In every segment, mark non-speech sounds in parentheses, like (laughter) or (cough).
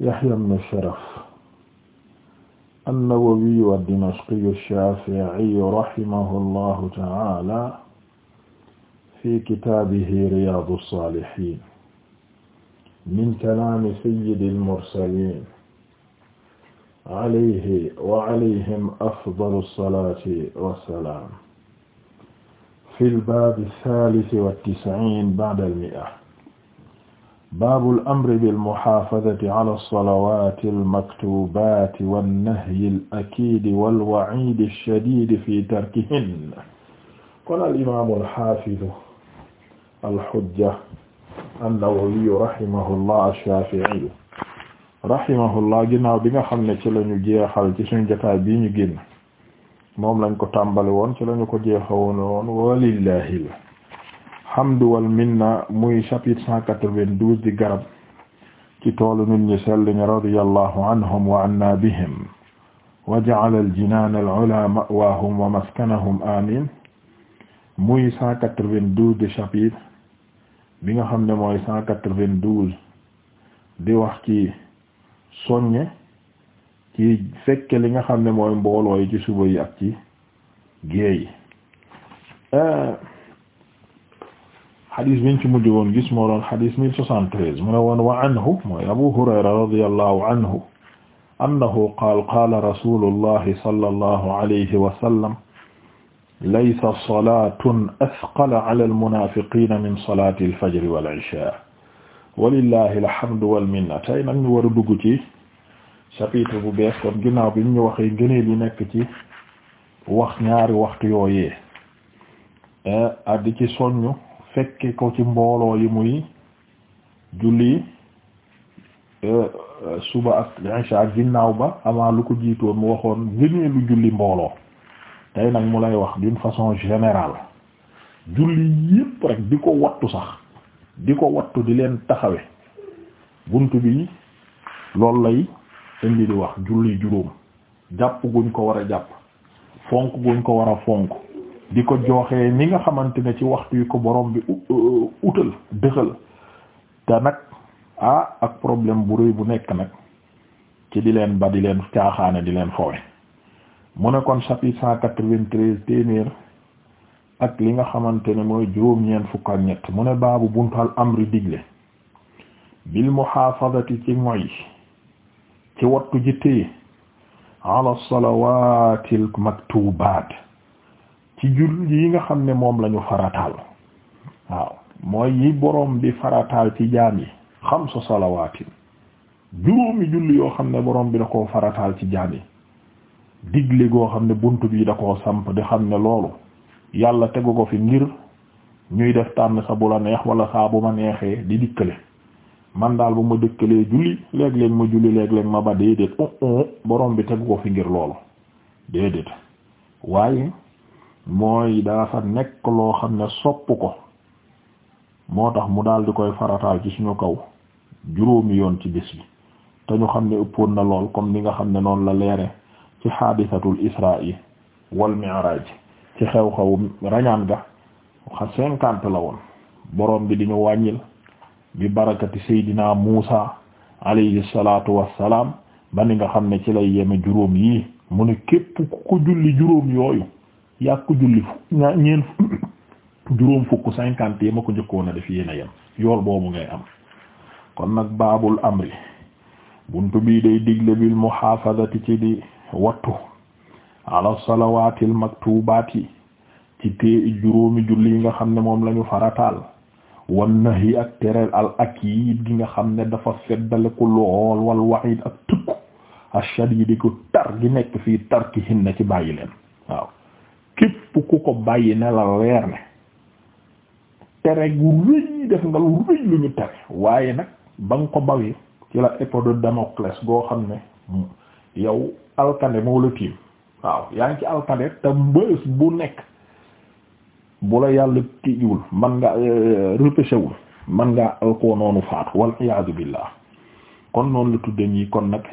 Yahya ibn Sharaf an-Nawawi ad-Dimashqi ash-Shafi'i rahimahu Allahu ta'ala fi kitaabihi Riyaadu as-Saalihiin min kalaami sayyidi al-mursaliin alayhi wa alayhim afdalu as-salaati was-salaam fil baabi ath-thaalith wat-tis'iin ba'da al-mi'a baabul amri bil muhaafazati ala salawaati almaktuubaati wannahyi alakiidi wal wa'iidi shadiidi fi tarkihin kon al imaamu alxaafidu alxujja annawawiyu rahimahullah ashaafi'iyu rahimahullah ginnaaw bi nga xam ne ci lañu jeexal ci suñu jotaay bii ñu génn moom lañ ko tàmbali woon ci lañu ko jeexawoon woon walillahi hamdu wal minna muy chapitre cent quatre-vingt-douze di garab ci toolu nit ñi sell ñi radiyallahu anhum wa anna bihim wa ja'ala al jinaan al ula ma'waahum wa maskanahum amin muy cent quatre-vingt-douze di chapitre bi nga xam ne mooy cent quatre-vingt-douze di wax ci soññe ci fekke li nga xam ne mooy mbooloo yi ci suba yi ak ci xadis biñ ci mujj woon gis moo doon xadis mille soixante-treize mu ne woon wa anhu mooy abu hurayra radiyallahu anhu annahu qaal qaala rasulullahi sallallahu alayhi wa sallam laysa salatun asqala ala almunafiqina min salati alfajri walisha walillahi alhamdu walminna tey nag ñu war a dugg ci chapitre bu bees kon ginnaaw bi ñu waxee gëneel yi nekk ci wax ñaari waxtu yooyee eh, addi ci soññu fekke ko ci mbooloo yi muy julli e, suba ak isha ak ginnaaw ba avant lu ko jiitoon mu waxoon gënee lu julli mbooloo tey nag mu lay wax d'une façon général julli yépp rek di ko wattu sax di ko wattu di leen taxawe bunt bi loolu lay indi di wax julli juróom jàpp guñ ko war a jàpp fonk guñ ko war a fonk di ko jooxee ni nga xamante ne ci waxtu yi ko boroom bi utal dëxal te nag ah, ak problème bu rëy bu nekk nag ci di leen ba di leen caaxaane di leen fowe mu ne kon chapitre cent quatre ak li nga xamante ne mooy juróom-ñeent ak ñett mu ne baabu buntal amri digle bil muhaafadati ci moy ci wattu ji téye ala salawatil maktubaat ci jul yi nga xam ne moom lañu farataal waaw mooy yi borom bi farataal ci jaam yi xamsu salawaatin juróomi julli yoo xam ne boroom bi da koo farataal ci jaam yi digle goo xam ne bunt bi da koo samp di xam ne loolu yàlla tegu ko fi ngir ñuy def tànn sa bu la neex wala saa bu ma neexee di dikkale man daal bu ma dëkkalee julli léeg ma julli léeg-léeg ma ba déedéet oh, oh, borom bi tegu ko fi ngir loolu déedéet waaye mooy dafa nekk loo xam ne sopp ko moo tax mu daal di koy farataal ci suñu kaw juróomi yoon ci bis bi te ñu xam ne ëppoon na lool comme ni nga xam ne noonu la leere ci xaadisatul isra'i wal mi'raj ci xew-xew rañaan ga xa cinquante la woon boroom bi di ñu wàññil bi barakati seydina Muusa alayhi salaatu wassalaam ba ni nga xam ne ci lay yeme juróom yi mu ne képp ku ko julli juróom yooyu yàgg ko julli (coughs) juróom fukk cinquante yi ma ko njëkkoona a def yéen a yem yool boobu ngay am kon nag baabul amri buntu bii day digle bil muhaafazati ci di wattu ala salawaatil maktubaati ci tee juróomi julli yi nga xam ne moom lañu farataal wan nahi ak tereel al akiid gi nga xam ne dafa feddale ko lool wal waxiid ak tëkku ashadiid ko tar gi nekk fii tarkihinna ci bàyyi leen waaw képp ku ko bàyyi ne la leer ne tere gu rëy def nga lu rëy lu ñu tere waaye nag ba nga ko bawee ci la épée de goo xam ne yow alkande moo la tiim waaw yaa ngi ci alkande te mbës bu nekk bu la yàlla tijjiwul man nga euh, repêché wul man nga alkoo noonu faatu wal iyaadu billah kon noonu la tudde ñi kon nag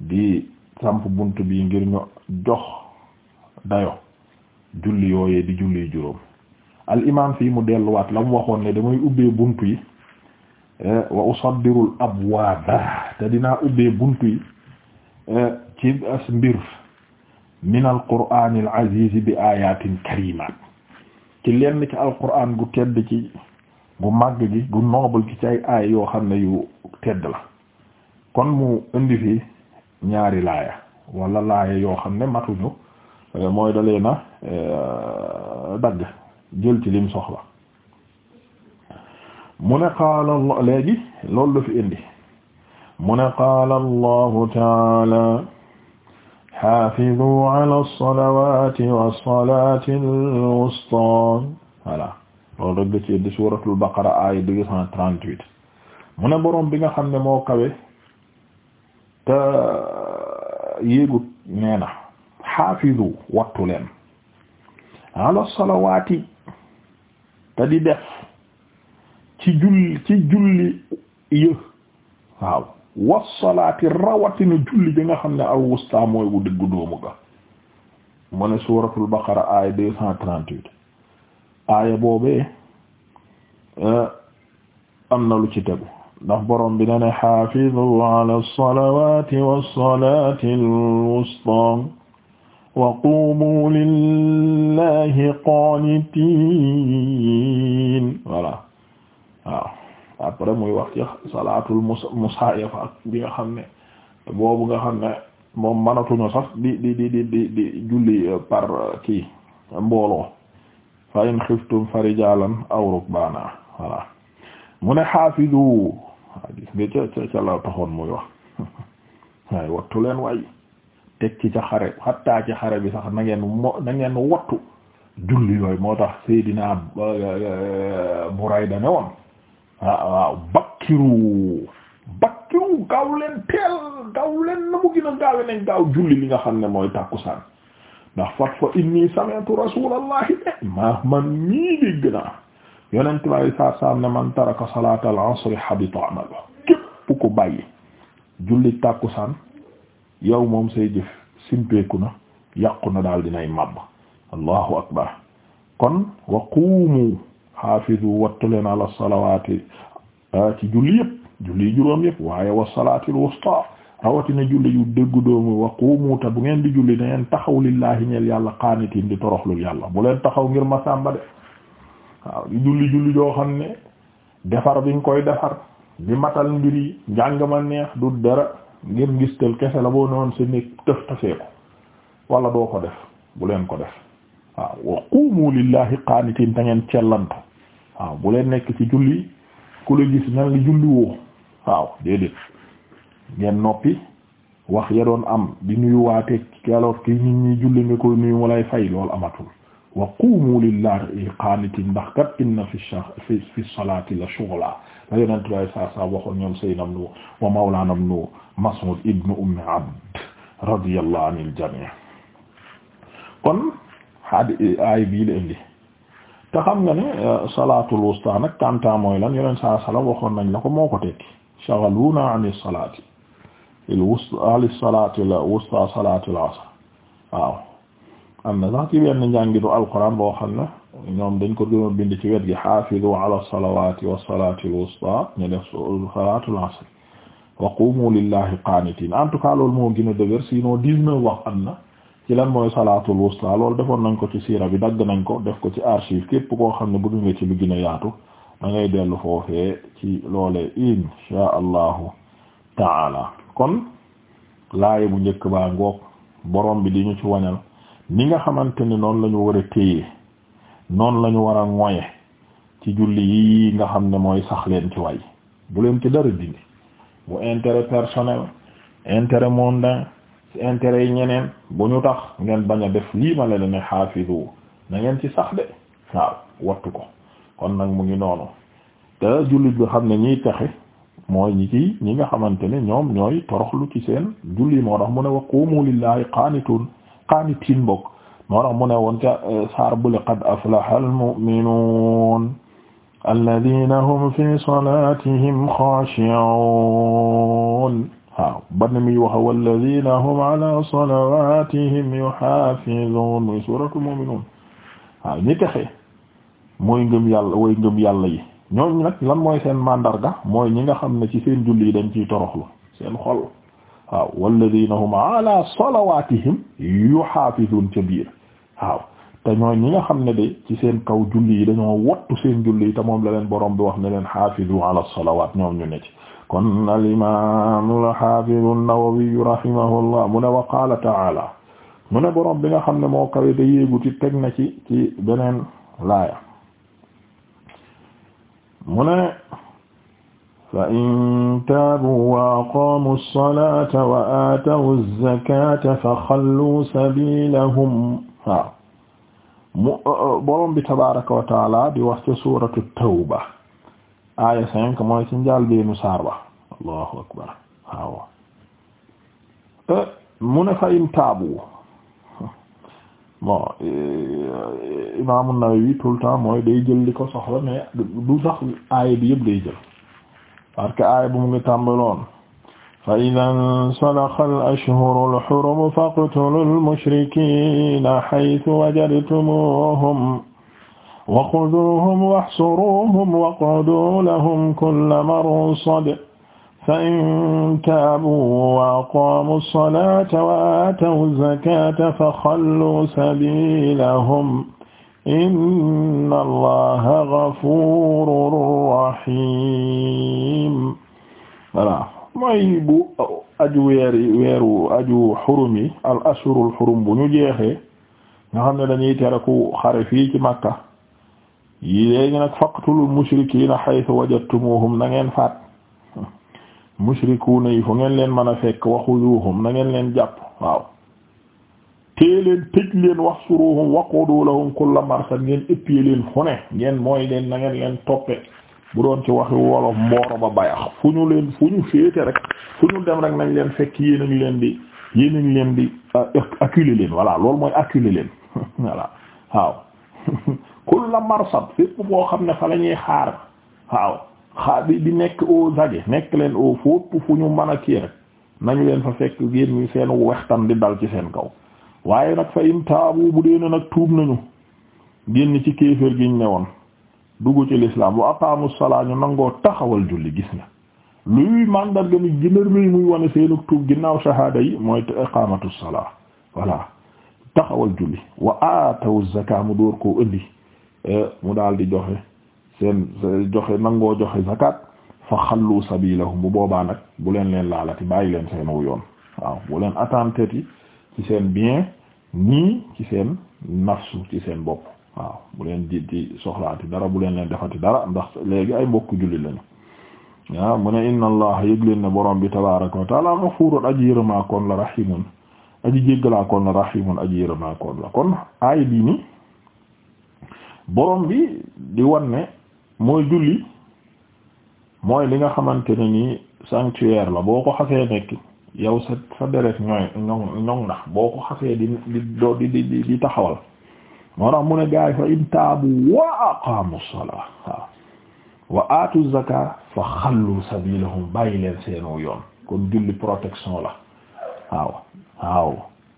di samp bunt bi ngir ñu jox dayo julli yooyee di julli juróom al imam fii mu delluwaat la mu waxoon ne damay ubbee buntu yi eh, wa usaddirul abwaaba te dinaa ubbee bunt yi eh, ci as mbir min al qur'aan al aziz bi ayatin karimaat ci lenn ci al qur'aan gu tedd ci gu màgg gi gu noobul gi ci ay yoo xam ne yu tedd la kon mu indi fi ñaari laaya wala laaya yoo xam ne matuñu Euh, mooy dalee na euh, dagg jël ci lim soxla mu ne allah léegi loolu la fi indi mu ne qaala allahu taala xaafiduu ala alsalawati wassalati alwusta voilà loolu rek la ci indi suratul baqara aaya deux cent ne boroom bi nga xam ne moo kawe xaafizu wattu leen ala salawaati te di def ci julli ci julli yë waaw wasalaati rawatina julli bi nga xam ne al wusta mooy bu dëggu doomu ga mu ne suuratul baqara aaya deux cent trente-huit aaya boobee am na lu ci tegu ndax borom bi na ne xaafizu ala salawaati wasalaati al wusta wa qumu lillahi qanitin voilà waaw après muy wax ci salaatul musaayafa ak bi nga xam ne boobu nga xam ne moom mënatuñu sax di di di di di di julli par kii mbooloo fa in xiftum fa rijalan aw rukbana voilà mu ne xaafidu waa gis nga ca ca la taxoon muy wax waaye (laughs) wattu leen waay teg ci ca xare xattaa ci xare bi sax nangeen ngeen mo na ngeen wattu julli yooyu moo tax Seydina euh, euh, Burayda ne woon waaw ah, waaw bakkiru bakkiru gaaw leen teel gaaw leen na mu gën gaawe nañ gaaw julli li nga xam ne mooy tàkkusaan ndax fat fa inni sami'tu rasulallahi ne maa man mii dégg naa yonent bi saa saam ne man taraka salaatal asri habita amalu képp ku bàyyi julli tàkkusaan yow moom say jëf simpeeku na yàqu na daal dinay màbb allahu akbar kon wa quumu hafizu wattu leen ala salawaati ci julli yëpp julli juróom yëpp waaye wa salaatil wusta rawatina julli yu dëggu doomu wa quumu ta bu ngeen di julli da ngeen taxaw lillahi ñeel yàlla qaanitiin di toroxlul yàlla bu leen taxaw ngir masamba de waaw di julli julli joo xam ne defar biñ koy defar di matal mbir njàng ma neex du dara gis ngistal kese la boo noonu sa néeg tëf tafee ko wala doo ko def bu leen ko def waaw wa qumu lillahi qaanitiin da ngeen cellantu waaw bu leen nekk ci julli ku la gis nan li julli woo waaw déedéet ngeen noppi wax ya doon am di nuyuwaatee alors que nit ñuy julli nga koy nuyu mu lay fay loolu amatul wa qumu lillahi qaanitiin ndax kat inna fi salaati la shughla la way bi saa saa waxoon ñoom Seydina wa Mawlana nu Mas'ud ibn Umm Abd radiyallahu anil jami' kon hadi ay bii la indi te xam nga ne euh, salaatul wusta nag kanta mooy lan yonent saa salaam waxoon nañ la ko moo ko tekki shaghaluna anis salaati la wusta salaatul asr waaw am na sax ci benn njàngitu alquran boo xam ñoom dañ ko gën a bind ci wet gi xaafidu ala salawati wasalati alwusta ñu def salaatul asr wa qumu lillahi qanitin en tout moo gën a dëgër sinon dix wax am na ci lan mooy salaatul wusta loolu defoon nañ ko ci siira bi dagg nañ ko def ko ci archive képp koo xam ne bëgg nga ci lu gën yaatu da ngay dellu foofee ci loolee insha allahu taala kon laaye bu njëkk baa ngoog borom bi di ñu ci wañal ni nga xamante ne noonu la ñu war noonu lañu ñu war a moye ci julli yi nga xam ne mooy sax leen ci way bu leen ci dara dindi bu intérêt personnel intérêt mondain ci intérêt yi ñeneen bu ñu tax ngeen bañ a def lii ma leen ne xaafidu na ngeen ci sax de waaw wattu ko kon nag mu ngi noonu te jullit bi xam ne ñiy texe mooy ñi ci ñi nga xamante ne ñoom ñooy toroxlu ci seen julli moo tax mu ne wa qumu lillahi qaanitun qaanitin bokk moo tax mu ne woon ca eh, saar bule qad aflaha almu'minuun alladina hum fi salatihim xaashi'uun waaw ban mi wax walladina hum ala salawatihim yuhaafizuun muy suuratul mu'minuun waaw ñi texe mooy ngëm yàlla woy ngëm yàlla yi ñooñu nag lan mooy seen mandarga mooy ñi nga xam ne ci seen julli yi dañ ciy toroxlu seen xol waaw walladina hum ala salawatihim yuhafizun ca biir waaw te ñooy ñi nga xam ne de ci seen kaw julli yi dañoo wattu seen julli yi te moom la leen borom bi wax ne leen hafizu ala salawat ñoom ñu ne ci kon al imam al hafiz an-Nawawi rahimahullah mu ne wa qala ta'ala mu ne borom bi nga xam ne moo kawe te yéeguti teg na ci ci beneen laaya mu ne fa in wa aqaamu salaata wa aatawu fa xallu sabiilahum waaw tabaaraka wa taala di wax ca suuratu tawba aaya cinq mooy ci njàlbéenu saar ba allahu akbar waaw mu ne fa in e, e, Imaam An-Nawawi tout le mooy day jël li ko soxla mais du sax aaya bi yëpp day parce que aaya bu mu ngi tàmbaloon fa ida nsalaxa alashhuru alxurum faqtulu almushrikina xaytu wajadtumuhum wa xuduuhum waxsuruuhum waqcuduu lahum kulla marsad fa in taabuu wa aqaamuu salaata wa aatawu zakaata fa xalluu sabiilahum inna allaha ghafurur rahim voilà mooy bu aju weeru aju xurum yi al xurum bu ñu jeexe nga xam ne dañuy tere ku xare fii ci Makka yi léegi nag faqtulul mushrikiina haythu wajadtumuhum na ngeen faat mushrikuuna yi fu ngeen leen mën a fekk wa xuduuhum na ngeen leen jàpp tee leen tëj leen wahsuruhum waqudu lahum kulla marsad ngeen ëppee leen fu ne ngeen mooy leen na leen toppe bu doon ci waxi wolof mbooro ba bayax fu ñu leen fu ñu féete rek fu ñu dem rek nañ leen fekk yéen a leen di yéen a leen di euh, acculer voilà loolu mooy acculer leen (laughs) voilà waaw (laughs) kulla xam ne fa la ñuy xaar waaw bi di nekk aux nekk leen au foop fu ñu mën a kii rek nañu leen fa fekk yéen ñi seen wextan di dal ci seen kaw waaye nag fa in taabu bu dee nag tuub nañu génn ci kéefër gi ne woon dugg ci l'islam wa aqaamu salaa ñu nangoo taxawal julli gis na luy mandarga mi gënër mi muy wane seenu tuub ginnaaw shahaada yi mooy iqaamatu salaa voilà taxawal julli wa aatawu zakaa mu door koo indi eh, mu daal di joxe seen joxe nangoo joxe zakat fa xallu sabilahum bu boobaa nag bu leen leen laalati bàyyi leen seen yoon waaw bu leen attentat yi ci seen bien nii ci seen nafsu ci seen bopp waaw bu leen di di soxlaati dara bu leen leen defati dara ndax léegi ay mbokk julli lañu waaw mu ne inna allah yëg leen ne borom bi tabaaraka wa taala ghafurun aji yërëmaa koon la rahimun aji jéggalaa koon la rahimun aji yërëmaa koon la kon aay bi ni borom bi di wan mooy julli mooy li nga xamante ne nii sanctuaire la boo ko xasee nekk yow sa sa deret ñooy ñoŋ na boo ko xasee di di di taxawal moo tax mu ne gaay fa in taabu wa aqaamu salaa waaw wa aatu zaka fa xallu sabilahum bàyyi leen seenu yoon kon julli protection la waaw waaw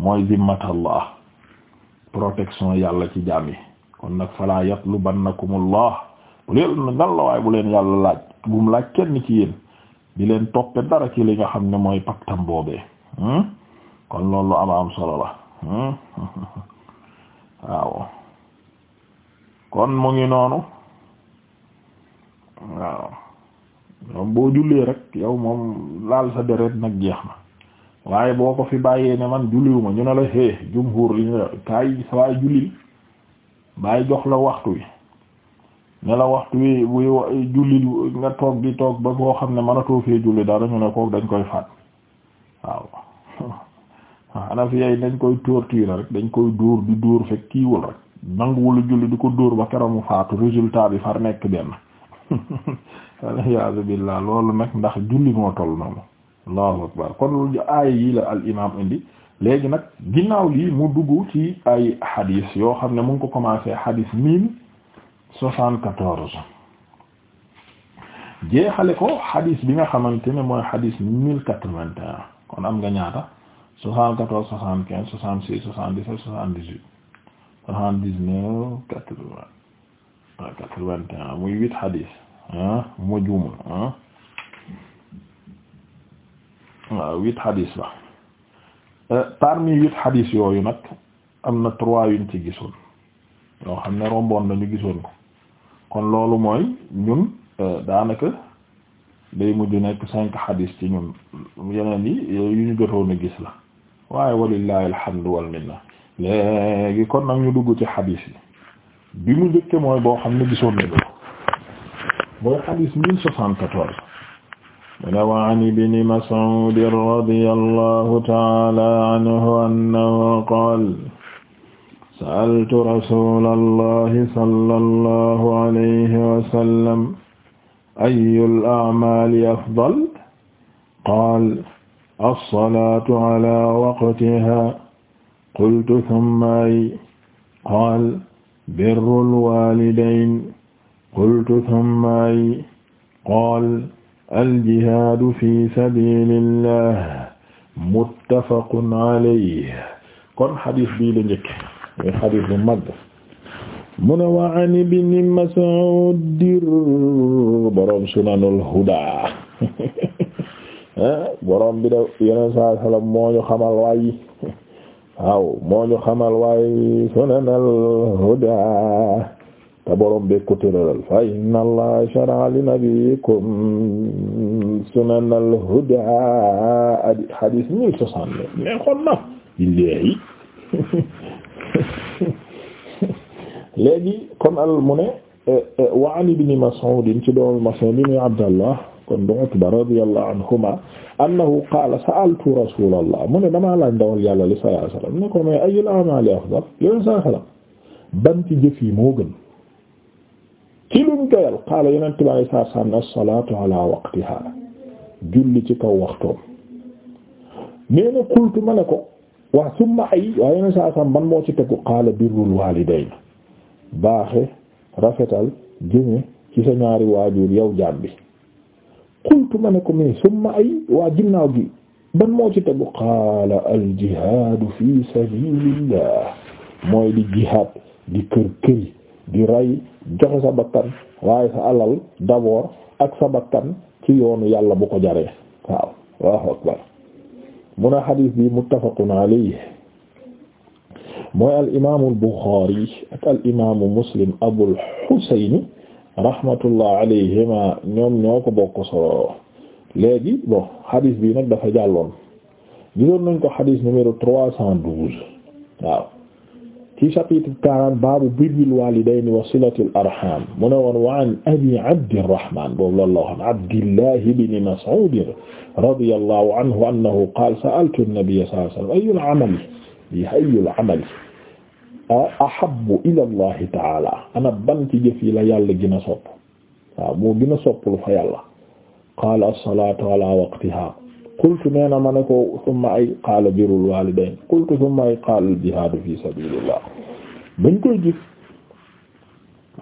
mooy zimmatallah protection yàlla ci jaam yi kon nag falaa yatlubannakumullah bu leen ngan la waaye bu leen yàlla laaj bu mu laaj kenn ci yéen di leen toppe dara ci li nga xam ne mooy paktam boobee hmm? kon loolu ama am solo la hmm? (laughs) waaw kon mu ngi noonu waaw ñoom boo jullee rek yow moom laal sa deret nag jeex na waaye boo ko fi bàyyee ne man julliwuma ñu ne la xée jumhur li ñu kaay sawaay jullil bàyyi jox la waxtu wi ne la waxtu wi buy julli nga toog di toog ba boo xam ne mënatoo fee julli dara ñu ne kook dañ koy faat waaw xanaa (laughs) fi ay dañ koy torture rek dañ koy dóor di dóor fekk kiiwul rek nanguwul julli di ko dóor ba keroog mu faatu résultat bi far nekk benn (laughs) aliyasu billah loolu nag ndax julli moo toll noonu allahu akbar kon lu aaya yi la al imam indi léegi nag ginnaaw lii mu dugg ci ay xadiis yoo xam ne mu ngi ko commencé xadiis miin 74 jeexale ko xadis bi nga xamante ne mooy xadis 1081 kon am nga ñaata 74 75 76 77 78 79 80 81 muy 8 xadis ah mu juumul ah waaw 8 xadis la euh, parmi 8 xadis yooyu nag am na 3 yuñ ci gisoon yoo xam ne romboon nañu gisoon ko. kon loolu mooy ñun euh, daanaka day mujj nekk cinq xadis ci ñun yeneen yi yu ñu jotoon a gis la waaye walillahi alhamdu wal minna léegi kon nag ñu dugg ci xadis yi bi mu njëkke mooy boo xam ne gisoon nañu ko mooy xadis mille soixante-quatorze mu ne wa an ibni Mas'ud radiyallahu ta'ala anhu annahu qaala sa'altu rasuulallahi sallallahu alayhi wa sallam ayyul a'maali afdal qaala as-salaatu alaa waqtihaa qultu thumma ay qaala birrul waalidayn qultu thumma ay qaala al-jihaadu fi sabiilillah muttafaqun alayhi kon xadiis bii la njëkk muy xadiis bu mag mu ne wa an ibn Mas'ud borom sunanul huda (laughs) eh, borom bi da yeneen saa salaam moo ñu xamal waayi waaw moo ñu xamal waayi sunanul huda te borom bee ko fa inna allaha shara'a li nabiyikum sunanal huda adi xadiis mille soixante mais xon na billaahi (laughs) (laughs) léegi kon al mu ne e, e, wa an ibn Mas'ud ci doomu Mas'ud bi muy Abdallah kon du Utba radiyallahu anhuma annahu qaala sa'altu rasulallah mu ne damaa laaj ndawal yàlla li sallallahu alayhi wasallam ne ko mais ayyul a'mali afdal yooyu saa xalam ban ci jëf yi moo gën ci luñ doyal qaala yeneen tubaab yi saa saa ne as-salaatu ala waqtiha julli ci kaw waxtoom nee na kultu ma ne ko. waa summa ay waaye yeneen saa saam ban moo ci tegu qaala birrul waalidayni baaxe rafetal jëme ci sa ñaari waajur yow jaam bi qultu ma ne ko mais summa ay waa ginnaaw gi ban moo ci tegu qaala al jihaadu fi sabilillah mooy di jihaad di kër këri di rey joxe sa bakkan waaye sa alal d'abord ak sa bakkan ci yoonu yàlla bu ko jaree waaw waaw akbar mu ne xadis bi muttafaqun alayhi mooy al imaamu Buxaari ak al imaamu Muslim Abul Husayn rahmatullah alayhima ñoom ñoo ko bokk solo léegi bon bi nag dafa jàlloon gisoon nañ ko xadis numéro trois cent douze ci chapitre 40 baabu birril waalidayni wa silatil arham mu ne woon wa an abi abdirrahman boobu loolu la waxoon abdillahi ibni mas'ud radiyallahu anhu annahu qaala sa'altu an-nabiyya sallallahu alayhi wa sallam ayyul amali bi ayyul amali ahabbu ila allahi ta'ala ana ban ci jëf yi la yàlla gën a sopp waaw moo gën a sopp lu fa yàlla qaala as-salaatu ala waqtiha qultu nee na ma ne ko summa ay qaala birrul waalidayn qultu summa ay qaala jihaadu fi sabiilillah bañ koy gis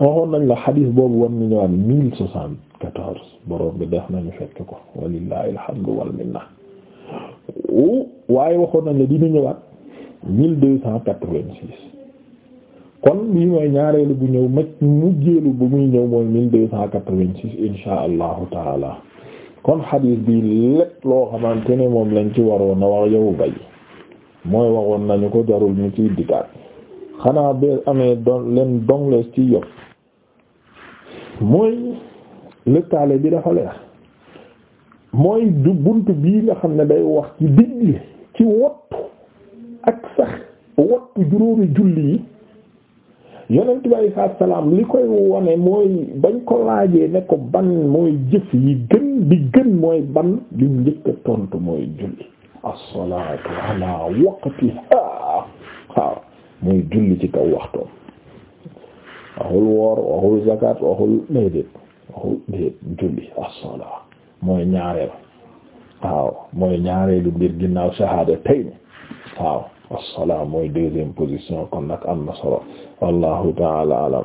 waxoon nañ la xadiis boobu war nañu ñëwaat mille soixante quatorze borom bi def nañu fekk ko walillahi alhamdu wal minna waaye waxoon nañ la dina ñëwaat mille deux cent quatre-vingt-six kon bii mooy ñaareelu bu ñëw mag mujjeelu bu muy ñëw mooy mille deux cent quatre-vingt-six insha allahu taala kon xadiis bi lépp loo xamante ne moom lañ ci waroon na wax yow bay mooy waxoon nañu ko jarul ñu ci dikkaat xanaa bee amee don leen donglees ci yokk mooy lëkkaale bi dafa leer mooy bunt bi nga xam ne day wax ci digle ci wottu ak sax wottu juróomi julli yi yonent bi alayhi salaam li koy wone mooy bañ ko laajee ne ko ban mooy jëf yi gën bi gën mooy ban li mu njëkk a tontu mooy julli as-salaatu ala waqtiha waaw mooy julli ci kaw waxtoom waxul woor waxul zakat waxul déedéet waxul déet julli as-salaa mooy ñaareel waaw mooy ñaareelu mbir ginnaaw shahaada tey waaw as-salaa mooy deuxième position kon nag am solo wallahu ta'ala a'lam